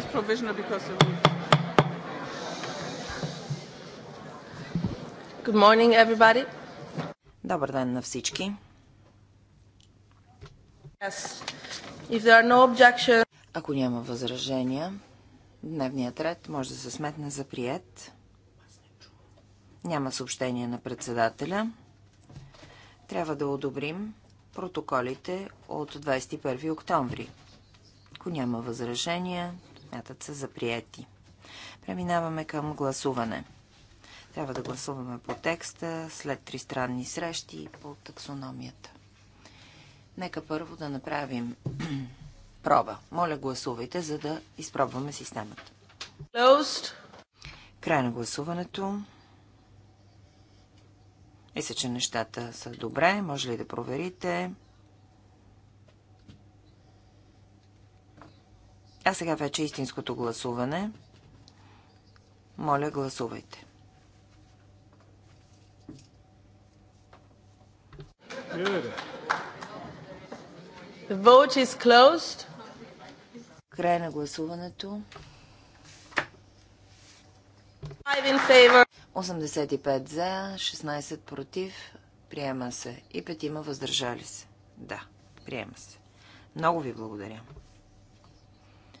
less provisional because of you. Good morning, everybody. Добър ден на всички. Yes. If there are no objection... Ако няма възражения, дневният ред може да се сметне за прият. Няма съобщение на председателя. Трябва да одобрим протоколите от 21 октомври. Ако няма възражения, Смятат се за приети. Преминаваме към гласуване. Трябва да гласуваме по текста след три странни срещи по таксономията. Нека първо да направим проба. Моля, гласувайте, за да изпробваме системата. Closed. Край на гласуването. Мисля, че нещата са добре. Може ли да проверите? А сега вече истинското гласуване. Моля, гласувайте. The vote is closed. Край на гласуването. 85 за, 16 против. Приема се. И петима въздържали се. Да, приема се. Много ви благодаря.